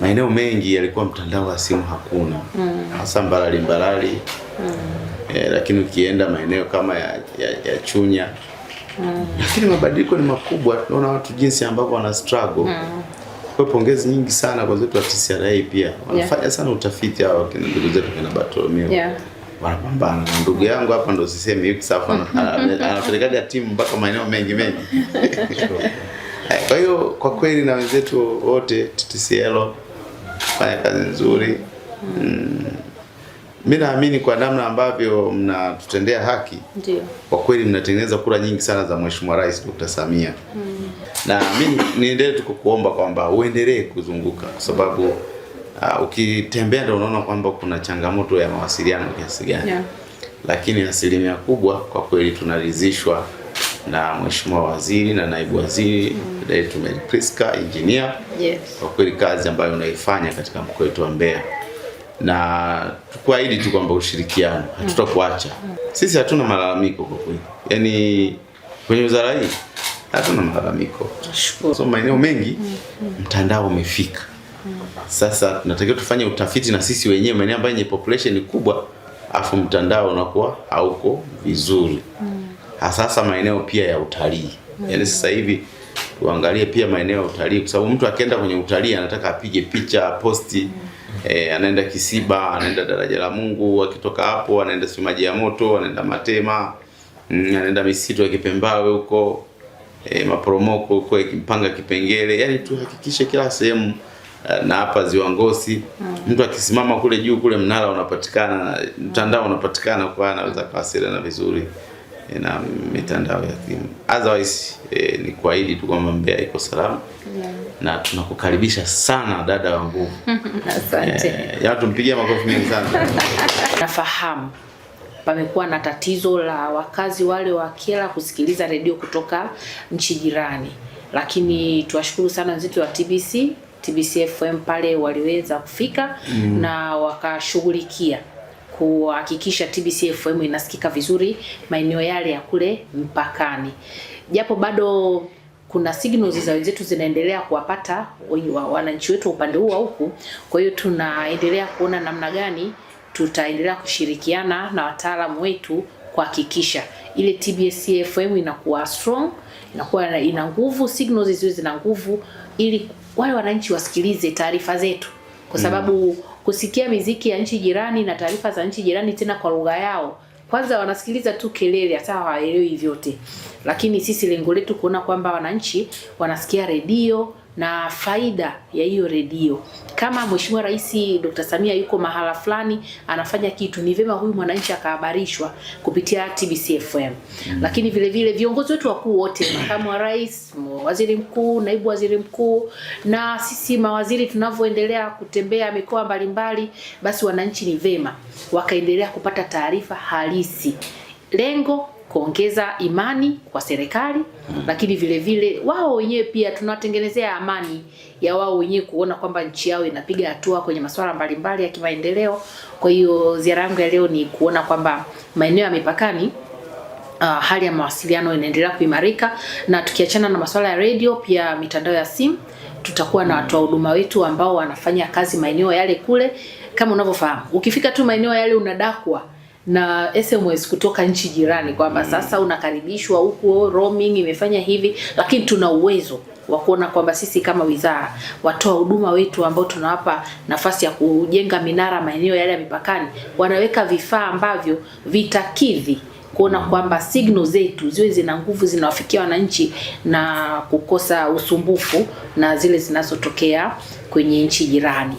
maeneo mengi yalikuwa mtandao wa simu hakuna, mm. hasa mm. Mbarali Mbarali mm. E, lakini ukienda maeneo kama ya, ya, ya Chunya mm. Lakini mabadiliko ni makubwa, tunaona watu jinsi ambavyo wana struggle mm. Kwa pongezi nyingi sana kwa zetu wa TCRA pia wanafanya yeah. sana utafiti hao kina ndugu zetu kina Bartolomeo yeah. Wanapambana na ndugu yangu hapa, ndo sisemi yuko safa, anapelekaga timu mpaka maeneo mengi mengi. Kwa hiyo kwa kweli na wenzetu wote TTCL fanya kazi nzuri mm. naamini kwa namna ambavyo mnatutendea haki ndio, Kwa kweli mnatengeneza kura nyingi sana za Mheshimiwa Rais Dr. Samia mm. Na mimi niendelee tu kukuomba kwamba uendelee kuzunguka kwa sababu uh, ukitembea ndio unaona kwamba kuna changamoto ya mawasiliano kiasi gani yeah. Lakini asilimia kubwa kwa kweli tunaridhishwa na mheshimiwa waziri na naibu waziri dada Mary Priska engineer, yes. Kwa kweli kazi ambayo unaifanya katika mkoa wetu wa Mbeya, na tukuahidi tu kwamba ushirikiano hatutakuacha. mm. Sisi hatuna malalamiko kwa kweli, yaani kwenye wizara hii hatuna malalamiko. Nashukuru. So maeneo mengi mtandao umefika mm. sasa, tunatakiwa tufanye utafiti na sisi wenyewe maeneo ambayo yenye population kubwa, afu mtandao unakuwa hauko vizuri. mm hasa maeneo pia ya utalii mm. Yaani sasa hivi tuangalie pia maeneo ya utalii, kwa sababu mtu akienda kwenye utalii anataka apige picha posti mm. E, anaenda Kisiba, anaenda Daraja la Mungu, akitoka hapo anaenda si maji ya moto, anaenda Matema mm, anaenda misitu ya Kipembawe huko e, maporomoko huko Mpanga Kipengele, yaani tuhakikishe kila sehemu eh, na hapa Ziwa Ngosi mm. Mtu akisimama kule juu kule mnara unapatikana, mtandao unapatikana, kwa anaweza kawasiliana vizuri na mitandao ya simu. Otherwise e, ni kuahidi tu kwamba Mbeya iko salama yeah. na tunakukaribisha sana dada wa nguvu asante. Eh, ya tumpigie makofi mengi sana nafahamu pamekuwa na tatizo la wakazi wale wa Kyela kusikiliza redio kutoka nchi jirani, lakini tuwashukuru sana wenzetu wa TBC TBC FM pale waliweza kufika mm. na wakashughulikia kuhakikisha TBCFM inasikika vizuri maeneo yale ya kule mpakani, japo bado kuna signals za wenzetu zinaendelea kuwapata wananchi wetu upande huu wa huku. Kwa hiyo tunaendelea kuona namna gani tutaendelea kushirikiana na wataalamu wetu kuhakikisha ile TBCFM inakuwa strong, inakuwa ina nguvu, signals ziwe zina nguvu, ili wale wananchi wasikilize taarifa zetu kwa mm. sababu mm kusikia miziki ya nchi jirani na taarifa za nchi jirani, tena kwa lugha yao. Kwanza wanasikiliza tu kelele, hata hawaelewi vyote. Lakini sisi lengo letu kuona kwamba wananchi wanasikia redio na faida ya hiyo redio. Kama Mheshimiwa Rais Dr. Samia yuko mahala fulani anafanya kitu, ni vema huyu mwananchi akahabarishwa kupitia TBC FM. Mm. Lakini vile vile viongozi wetu wakuu wote, makamu wa rais, waziri mkuu, naibu waziri mkuu na sisi mawaziri tunavyoendelea kutembea mikoa mbalimbali, basi wananchi ni vema wakaendelea kupata taarifa halisi. Lengo kuongeza imani kwa serikali mm. Lakini vile vile wao wenyewe pia tunawatengenezea amani ya wao wenyewe kuona kwamba nchi yao inapiga hatua kwenye masuala mbalimbali ya kimaendeleo. Kwa hiyo ziara yangu ya leo ni kuona kwamba maeneo ya mipakani Uh, hali ya mawasiliano inaendelea kuimarika na tukiachana na masuala ya redio, pia mitandao ya simu, tutakuwa na watoa huduma wetu ambao wanafanya kazi maeneo yale kule. Kama unavyofahamu, ukifika tu maeneo yale unadakwa na SMS kutoka nchi jirani kwamba mm. Sasa unakaribishwa huko, roaming imefanya hivi, lakini tuna uwezo wa kuona kwamba sisi kama wizara watoa huduma wetu ambao tunawapa nafasi ya kujenga minara maeneo yale ya mipakani, wanaweka vifaa ambavyo vitakidhi kuona mm. kwamba signal zetu ziwe zina nguvu zinawafikia wananchi na kukosa usumbufu na zile zinazotokea kwenye nchi jirani.